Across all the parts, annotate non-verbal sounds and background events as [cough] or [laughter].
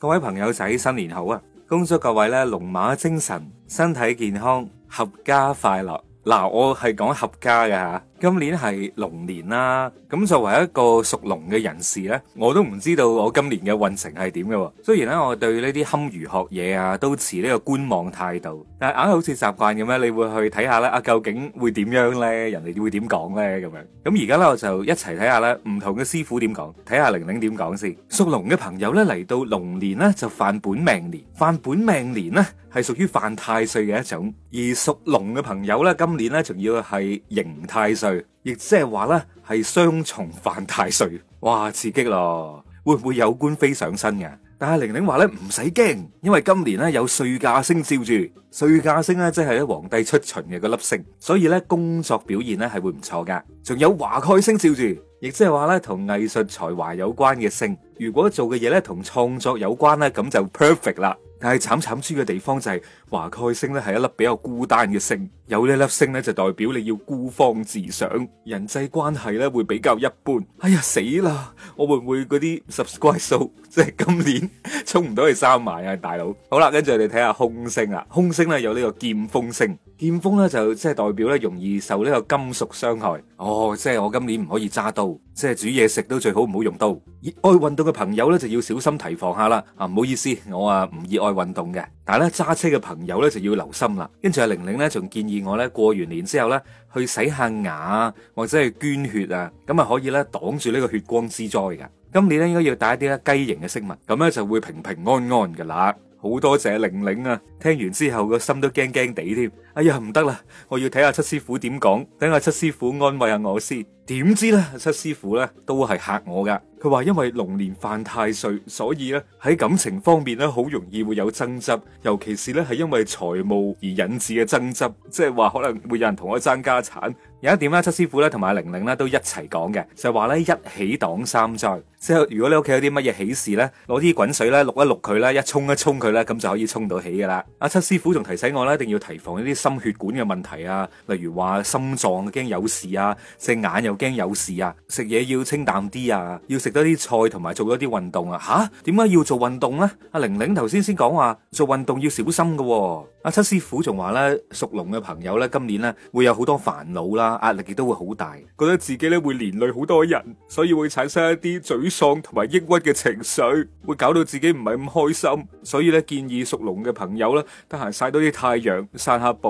各位朋友仔，新年好啊！恭祝各位咧龍馬精神，身體健康，合家快樂。嗱，我係講合家嘅吓。今年係龍年啦，咁作為一個屬龍嘅人士咧，我都唔知道我今年嘅運程係點嘅。雖然咧，我對呢啲堪輿學嘢啊，都持呢個觀望態度，但係硬係好似習慣咁咧，你會去睇下咧，啊究竟會點樣咧？人哋會點講咧？咁樣咁而家咧，我就一齊睇下咧，唔同嘅師傅點講，睇下玲玲點講先。屬龍嘅朋友咧，嚟到龍年咧就犯本命年，犯本命年咧係屬於犯太歲嘅一種，而屬龍嘅朋友咧今年咧仲要係刑太歲。亦即係話呢，係雙重犯太歲，哇刺激咯！會唔會有官非上身嘅？但係玲玲話呢，唔使驚，因為今年呢有歲駕星照住，歲駕星呢即係咧皇帝出巡嘅個粒星，所以呢工作表現呢係會唔錯噶。仲有華蓋星照住，亦即係話呢同藝術才華有關嘅星，如果做嘅嘢咧同創作有關呢，咁就 perfect 啦。但係慘慘豬嘅地方就係華蓋星咧係一粒比較孤單嘅星，有呢粒星咧就代表你要孤芳自賞，人際關係咧會比較一般。哎呀死啦！我會唔會嗰啲 subscribe 數，即係今年衝唔到去三萬啊大佬？好啦，跟住我哋睇下空星啊，空星咧有呢個劍鋒星，劍鋒咧就即係代表咧容易受呢個金屬傷害。哦，即係我今年唔可以揸刀，即係煮嘢食都最好唔好用刀。熱愛運動嘅朋友咧就要小心提防下啦。啊，唔好意思，我啊唔熱愛。運動嘅，但係咧揸車嘅朋友咧就要留心啦。跟住阿玲玲咧仲建議我咧過完年之後咧去洗下牙或者係捐血啊，咁啊可以咧擋住呢個血光之災噶。今年咧應該要帶一啲雞型嘅飾物，咁咧就會平平安安噶啦。好多謝玲玲啊！聽完之後個心都驚驚地添。哎呀，唔得啦！我要睇下七師傅點講，等下七師傅安慰下我先。點知呢？七師傅呢都係嚇我噶。佢話因為龍年犯太歲，所以呢喺感情方面呢好容易會有爭執，尤其是呢係因為財務而引致嘅爭執，即係話可能會有人同我爭家產。有一點咧，七師傅咧同埋玲玲呢都一齊講嘅，就係話呢一起擋三災。即係如果你屋企有啲乜嘢喜事呢，攞啲滾水呢碌一碌佢啦，一衝一衝佢啦，咁就可以衝到起噶啦。阿七師傅仲提醒我呢，一定要提防一啲。心血管嘅問題啊，例如話心臟驚有事啊，隻眼又驚有事啊，食嘢要清淡啲啊，要食多啲菜同埋做多啲運動啊。吓、啊，點解要做運動咧？阿、啊、玲玲頭先先講話做運動要小心噶、啊。阿七師傅仲話呢，屬龍嘅朋友呢，今年呢會有好多煩惱啦，壓力亦都會好大，覺得自己呢會連累好多人，所以會產生一啲沮喪同埋抑鬱嘅情緒，會搞到自己唔係咁開心。所以呢，建議屬龍嘅朋友呢，得閒曬多啲太陽，散下步。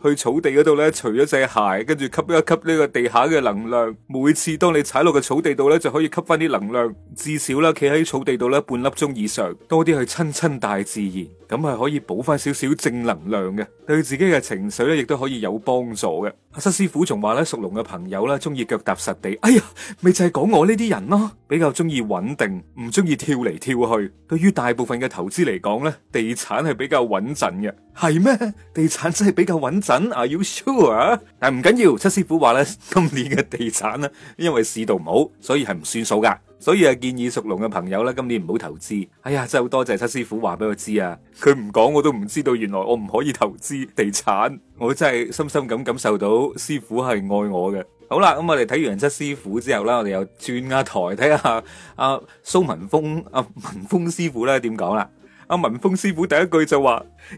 去草地嗰度咧，除咗隻鞋，跟住吸一吸呢個地下嘅能量。每次當你踩落個草地度咧，就可以吸翻啲能量。至少啦，企喺草地度咧，半粒鐘以上，多啲去親親大自然，咁係可以補翻少少正能量嘅，對自己嘅情緒咧，亦都可以有幫助嘅。阿七師傅仲話咧，屬龍嘅朋友咧，中意腳踏實地。哎呀，咪就係講我呢啲人咯，比較中意穩定，唔中意跳嚟跳去。對於大部分嘅投資嚟講咧，地產係比較穩陣嘅，係咩？地產真係比較穩陣。Are you sure？但係唔緊要，七師傅話咧，今年嘅地產咧，因為市道唔好，所以係唔算數噶。所以啊，建議屬龍嘅朋友咧，今年唔好投資。哎呀，真係好多謝七師傅話俾我知啊！佢唔講我都唔知道，原來我唔可以投資地產。我真係深深咁感受到師傅係愛我嘅。好啦，咁我哋睇完七師傅之後啦，我哋又轉下台睇下阿蘇文峰阿、啊、文峰師傅咧點講啦。阿、啊啊、文峰師傅第一句就話：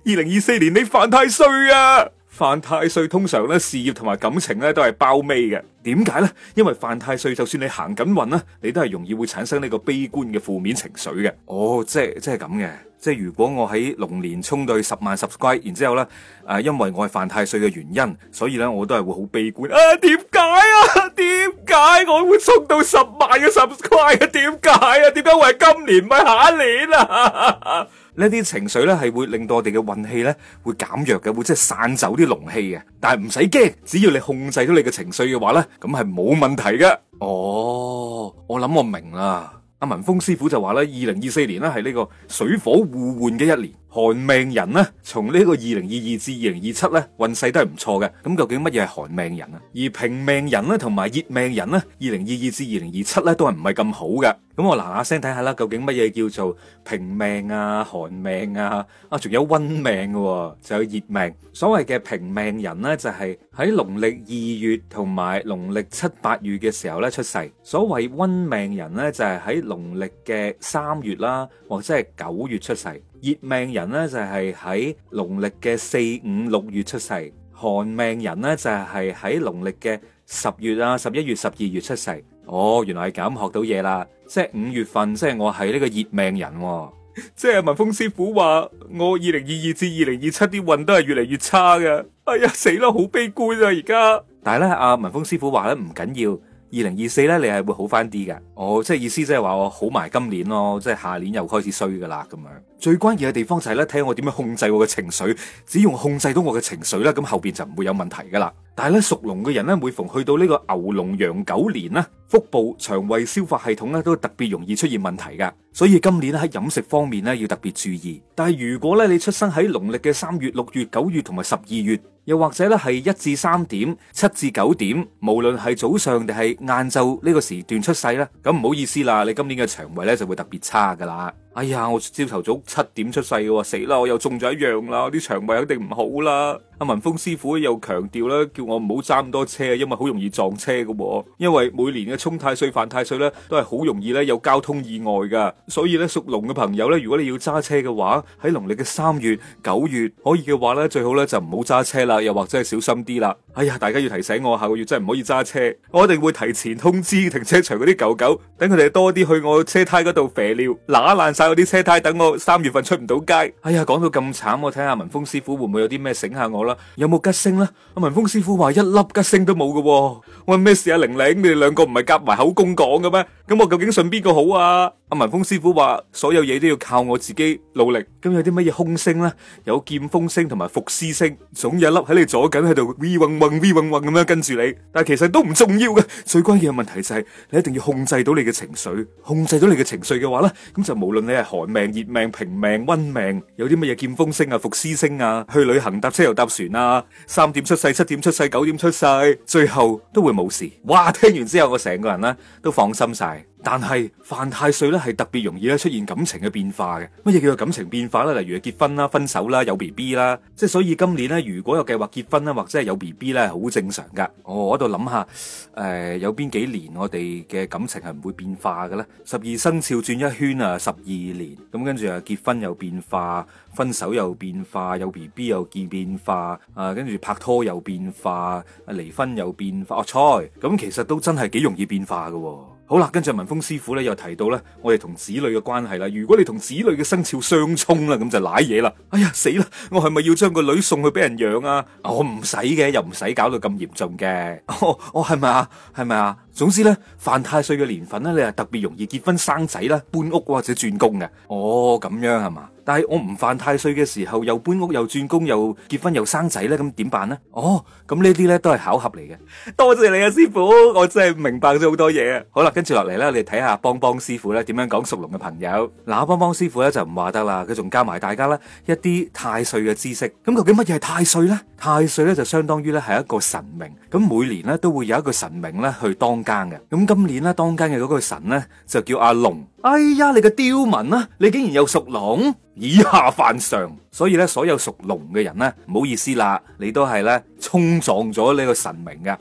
二零二四年你犯太歲啊！犯太歲通常咧，事業同埋感情咧都係包尾嘅，點解呢？因為犯太歲，就算你行緊運啦，你都係容易會產生呢個悲觀嘅負面情緒嘅。哦，即係即係咁嘅，即係如果我喺龍年沖到十萬訂閱，然之後咧，誒、呃,因為我係犯太歲嘅原因，所以呢我都係會好悲觀啊？點解？點解我會沖到十萬嘅訂閱啊？點解啊？點解會係今年咪下一年啊？呢 [laughs] 啲情緒咧係會令到我哋嘅運氣咧會減弱嘅，會即係散走啲龍氣嘅。但係唔使驚，只要你控制到你嘅情緒嘅話咧，咁係冇問題嘅。哦，我諗我明啦。阿文峰師傅就話呢，二零二四年咧係呢個水火互換嘅一年。寒命人呢，從呢個二零二二至二零二七呢，運勢都係唔錯嘅。咁究竟乜嘢係寒命人啊？而平命人呢，同埋熱命人呢，二零二二至二零二七呢，都係唔係咁好嘅。咁我嗱下聲睇下啦，究竟乜嘢叫做平命啊、寒命啊？啊，仲有溫命嘅、啊，就有熱命、啊。所謂嘅平命人呢，就係、是、喺農曆二月同埋農曆七八月嘅時候呢出世。所謂溫命人呢，就係、是、喺農曆嘅三月啦，或者係九月出世。熱命人咧就係喺農曆嘅四五六月出世，寒命人咧就係喺農曆嘅十月啊、十一月、十二月出世。哦，原來係咁，學到嘢啦，即係五月份，即係我係呢個熱命人喎。即係文峰師傅話我二零二二至二零二七啲運都係越嚟越差㗎。哎呀，死啦，好悲觀啊！而家，但係咧，阿文峰師傅話咧唔緊要。二零二四呢，你係會好翻啲嘅。哦，即係意思即係話我好埋今年咯，即係下年又開始衰噶啦咁樣。最關鍵嘅地方就係呢：睇我點樣控制我嘅情緒。只要控制到我嘅情緒咧，咁後邊就唔會有問題噶啦。但係咧，屬龍嘅人咧，每逢去到呢個牛龍羊狗年啦，腹部、腸胃、消化系統咧，都特別容易出現問題噶。所以今年喺飲食方面咧，要特別注意。但係如果咧，你出生喺農曆嘅三月、六月、九月同埋十二月，又或者咧係一至三點、七至九點，無論係早上定係晏晝呢個時段出世咧，咁唔好意思啦，你今年嘅腸胃咧就會特別差噶啦。哎呀，我朝頭早七點出世嘅，死啦！我又中咗一樣啦，啲腸胃肯定唔好啦。阿文峰師傅又強調啦，叫我唔好揸咁多車，因為好容易撞車嘅。因為每年嘅沖太歲、犯太歲咧，都係好容易咧有交通意外嘅。所以咧，屬龍嘅朋友咧，如果你要揸車嘅話，喺農曆嘅三月、九月可以嘅話咧，最好咧就唔好揸車啦，又或者係小心啲啦。哎呀，大家要提醒我下個月真係唔可以揸車，我一定會提前通知停車場嗰啲狗狗，等佢哋多啲去我車胎嗰度瀉尿，拉爛。帶我啲車胎，等我三月份出唔到街。哎呀，講到咁慘，我睇下文峰師傅會唔會有啲咩醒下我啦？有冇吉星啦？阿文峰師傅話一粒吉星都冇嘅，我話咩事啊？玲玲，你哋兩個唔係夾埋口供講嘅咩？咁我究竟信邊個好啊？阿文峰師傅話所有嘢都要靠我自己努力。咁有啲乜嘢凶星咧？有劍鋒星同埋伏屍星，總有一粒喺你左近喺度 v 運運 v 運運咁樣跟住你，但係其實都唔重要嘅。最關鍵嘅問題就係你一定要控制到你嘅情緒。控制到你嘅情緒嘅話咧，咁就無論你係寒命、熱命、平命、温命，有啲乜嘢劍鋒星啊、伏屍星啊，去旅行搭車又搭船啊，三點出世、七點出世、九點出世，最後都會冇事。哇！聽完之後我成個人咧都放心晒。但係犯太歲咧，係特別容易咧出現感情嘅變化嘅。乜嘢叫做感情變化咧？例如結婚啦、分手啦、有 B B 啦，即係所以今年呢，如果有計劃結婚啦，或者係有 B B 呢，好正常噶、哦。我喺度諗下，誒、呃，有邊幾年我哋嘅感情係唔會變化嘅呢？十二生肖轉一圈啊，十二年咁，跟住啊結婚又變化，分手又變化，有 B B 又見變化，啊，跟住拍拖又變化，離婚又變化，哦，錯，咁其實都真係幾容易變化噶。好啦，跟住文峰師傅咧又提到咧，我哋同子女嘅關係啦，如果你同子女嘅生肖相沖啦，咁就瀨嘢啦。哎呀，死啦！我係咪要將個女送去俾人養啊？我唔使嘅，又唔使搞到咁嚴重嘅。哦，係咪啊？係咪啊？總之咧，犯太歲嘅年份咧，你係特別容易結婚生仔啦，搬屋或者轉工嘅。哦，咁樣係嘛？但係我唔犯太歲嘅時候，又搬屋，又轉工，又結婚，又生仔呢，咁點辦呢？哦，咁呢啲呢都係巧合嚟嘅。 [laughs] 多謝你啊，師傅，我真係明白咗好多嘢啊！好啦，跟住落嚟呢，你睇下幫幫師傅呢點樣講屬龍嘅朋友嗱，幫幫師傅呢就唔話得啦，佢仲教埋大家啦一啲太歲嘅知識。咁究竟乜嘢係太歲呢？太歲呢就相當於呢係一個神明，咁每年呢都會有一個神明呢去當更嘅。咁今年呢當更嘅嗰個神呢，就叫阿龍。哎呀，你個刁民啦、啊！你竟然又屬龍，以下犯上，所以咧，所有屬龍嘅人咧，唔好意思啦，你都係咧衝撞咗呢個神明噶，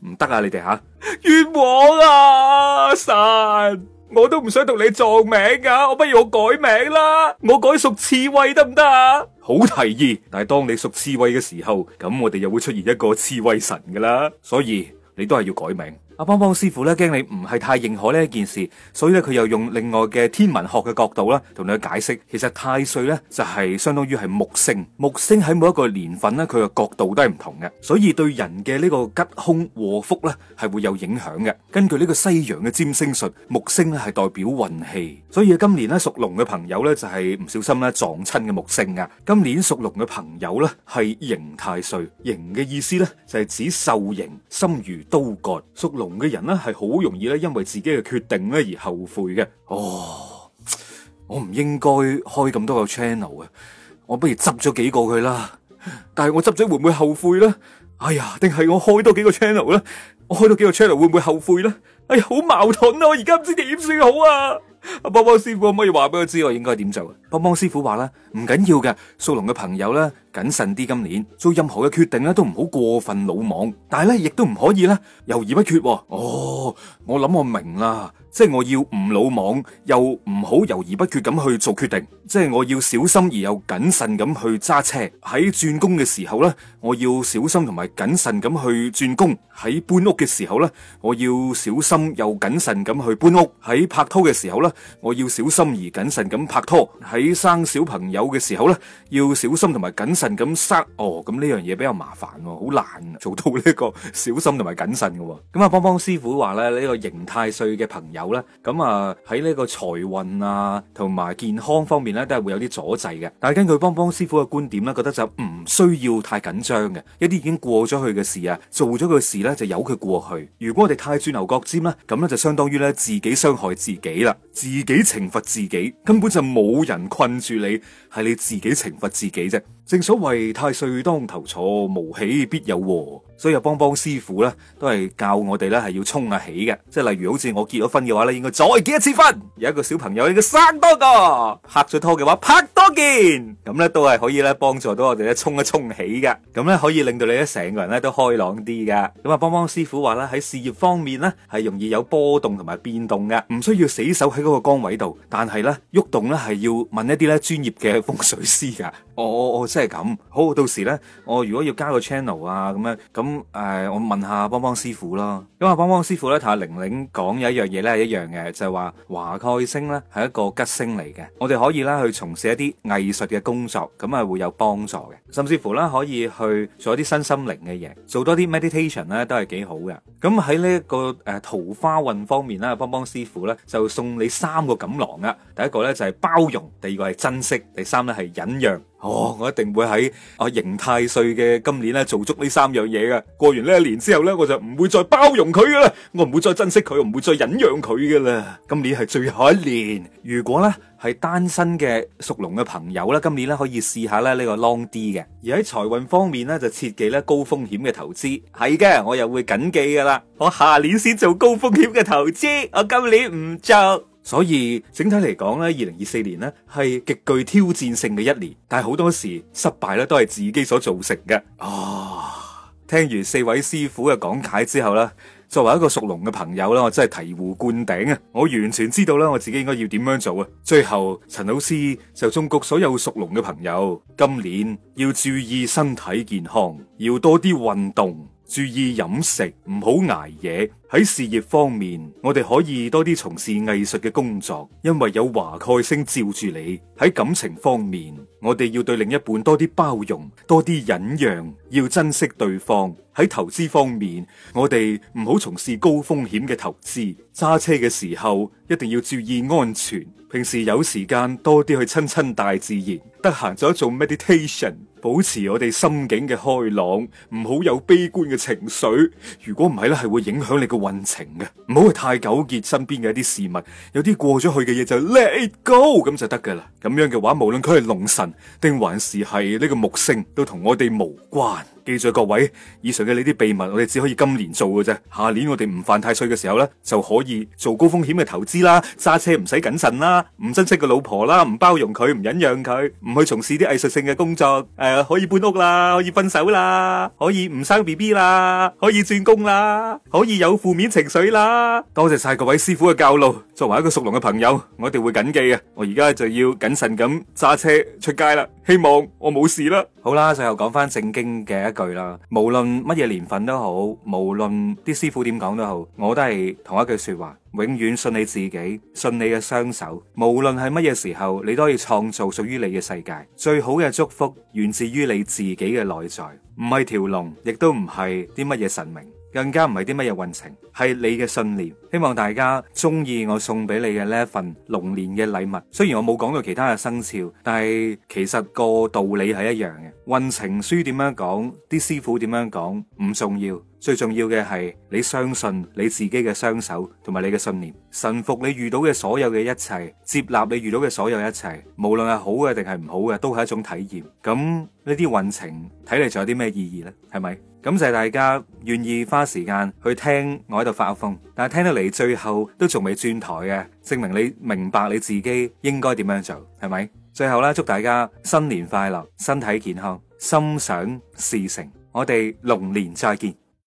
唔得 [laughs] 啊！你哋吓、啊、冤枉啊！神，我都唔想同你撞名噶、啊，我不如我改名啦，我改屬刺蝟得唔得啊？好提議，但係當你屬刺蝟嘅時候，咁我哋又會出現一個刺蝟神噶啦，所以你都係要改名。阿邦邦師傅咧，驚你唔係太認可呢一件事，所以咧佢又用另外嘅天文學嘅角度啦，同你去解釋。其實太歲咧就係相當於係木星，木星喺每一個年份咧，佢嘅角度都係唔同嘅，所以對人嘅呢個吉凶禍福咧係會有影響嘅。根據呢個西洋嘅佔星術，木星咧係代表運氣，所以今年咧屬龍嘅朋友咧就係唔小心咧撞親嘅木星啊！今年屬龍嘅朋友咧係刑太歲，刑嘅意思咧就係指受刑，心如刀割。屬龍嘅人咧係好容易咧，因為自己嘅決定咧而後悔嘅。哦，我唔應該開咁多個 channel 啊,我不如執咗幾個佢啦。但係我執咗會唔會後悔咧？哎呀，定係我開多幾個 channel 咧？我開多幾個 channel 會唔會後悔咧？哎呀，好矛盾啊！我而家唔知點算好啊！阿波波師傅可唔可以話俾我知我應該點做啊？博幫師傅話啦，唔緊要嘅，屬龍嘅朋友呢，謹慎啲。今年做任何嘅決定呢都唔好過分魯莽，但係呢，亦都唔可以咧，猶豫不決哦。哦，我諗我明啦，即係我要唔魯莽，又唔好猶豫不決咁去做決定，即係我要小心而又謹慎咁去揸車。喺轉工嘅時候呢，我要小心同埋謹慎咁去轉工；喺搬屋嘅時候呢，我要小心又謹慎咁去搬屋；喺拍拖嘅時候呢，我要小心而謹慎咁拍拖。喺。你生小朋友嘅時候咧，要小心同埋謹慎咁塞哦，咁呢樣嘢比較麻煩，好難做到呢個小心同埋謹慎嘅。咁、這個、啊，邦邦師傅話咧，呢個刑太歲嘅朋友咧，咁啊喺呢個財運啊同埋健康方面咧，都係會有啲阻滯嘅。但係根據邦邦師傅嘅觀點咧，覺得就唔需要太緊張嘅，一啲已經過咗去嘅事啊，做咗個事咧就由佢過去。如果我哋太轉牛角尖啦，咁咧就相當於咧自己傷害自己啦，自己懲罰自己，根本就冇人困住你，係你自己懲罰自己啫。正所謂太歲當頭坐，無喜必有禍，所以啊，邦邦師傅咧都係教我哋咧係要沖下喜嘅，即係例如好似我結咗婚嘅話咧，應該再結一次婚；有一個小朋友，應該生多個；拍咗拖嘅話，拍多件。咁咧都係可以咧幫助到我哋咧沖一沖喜嘅，咁咧可以令到你咧成個人咧都開朗啲噶。咁啊，邦邦師傅話咧喺事業方面咧係容易有波動同埋變動嘅，唔需要死守喺嗰個崗位度，但係咧喐動咧係要問一啲咧專業嘅風水師噶。哦，我我即係咁好，到時呢，我如果要加個 channel 啊咁樣，咁誒、呃，我問下邦邦師傅啦。咁、嗯、啊，邦邦師傅呢，同阿玲玲講有一,一樣嘢呢係一樣嘅，就話、是、華蓋星呢係一個吉星嚟嘅，我哋可以呢去從事一啲藝術嘅工作，咁係會有幫助嘅，甚至乎呢可以去做一啲身心靈嘅嘢，做多啲 meditation 呢都係幾好嘅。咁喺呢一個桃花運方面呢，邦邦師傅呢，就送你三個錦囊啊！第一個呢就係、是、包容，第二個係珍惜，第三呢係忍讓。哦，oh, 我一定會喺阿刑太歲嘅今年咧做足呢三樣嘢噶。過完呢一年之後咧，我就唔會再包容佢噶啦，我唔會再珍惜佢，唔會再忍讓佢噶啦。今年係最後一年。如果咧係單身嘅屬龍嘅朋友咧，今年咧可以試下咧呢個 long d 嘅。而喺財運方面咧，就切忌咧高風險嘅投資係嘅，我又會緊記噶啦。我下年先做高風險嘅投資，我今年唔做。所以整體嚟講咧，二零二四年呢係極具挑戰性嘅一年，但係好多時失敗咧都係自己所造成嘅。啊、哦，聽完四位師傅嘅講解之後啦，作為一個屬龍嘅朋友啦，我真係醍醐灌頂啊！我完全知道啦，我自己應該要點樣做啊！最後陳老師就忠告所有屬龍嘅朋友，今年要注意身體健康，要多啲運動。注意飲食，唔好捱夜。喺事業方面，我哋可以多啲從事藝術嘅工作，因為有華蓋星照住你。喺感情方面，我哋要對另一半多啲包容，多啲忍讓，要珍惜對方。喺投資方面，我哋唔好從事高風險嘅投資。揸車嘅時候一定要注意安全。平時有時間多啲去親親大自然，得閒就做，做 meditation，保持我哋心境嘅開朗，唔好有悲觀嘅情緒。如果唔係咧，係會影響你嘅運程嘅。唔好去太糾結身邊嘅一啲事物，有啲過咗去嘅嘢就 let it go 咁就得噶啦。咁樣嘅話，無論佢係龍神定還是係呢個木星，都同我哋無關。記住各位，以上嘅呢啲秘密，我哋只可以今年做嘅啫。下年我哋唔犯太歲嘅時候呢，就可以做高風險嘅投資啦，揸車唔使謹慎啦，唔珍惜個老婆啦，唔包容佢，唔忍讓佢，唔去從事啲藝術性嘅工作。誒，可以搬屋啦，可以分手啦，可以唔生 B B 啦，可以轉工啦，可以有負面情緒啦。多謝晒各位師傅嘅教路。作為一個屬龍嘅朋友，我一定會謹記嘅。我而家就要謹慎咁揸車出街啦。希望我冇事啦。好啦，最後講翻正經嘅句啦，無論乜嘢年份都好，無論啲師傅點講都好，我都係同一句說話，永遠信你自己，信你嘅雙手。無論係乜嘢時候，你都要創造屬於你嘅世界。最好嘅祝福源自於你自己嘅內在，唔係條龍，亦都唔係啲乜嘢神明。更加唔係啲乜嘢運程，係你嘅信念。希望大家中意我送俾你嘅呢一份龍年嘅禮物。雖然我冇講過其他嘅生肖，但係其實個道理係一樣嘅。運程書點樣講，啲師傅點樣講，唔重要。最重要嘅係你相信你自己嘅雙手同埋你嘅信念，臣服你遇到嘅所有嘅一切，接納你遇到嘅所有一切，無論係好嘅定係唔好嘅，都係一種體驗。咁呢啲運程睇嚟仲有啲咩意義呢？係咪？感謝大家願意花時間去聽我喺度發瘋，但係聽得嚟，最後都仲未轉台嘅，證明你明白你自己應該點樣做，係咪？最後咧，祝大家新年快樂，身體健康，心想事成，我哋龍年再見。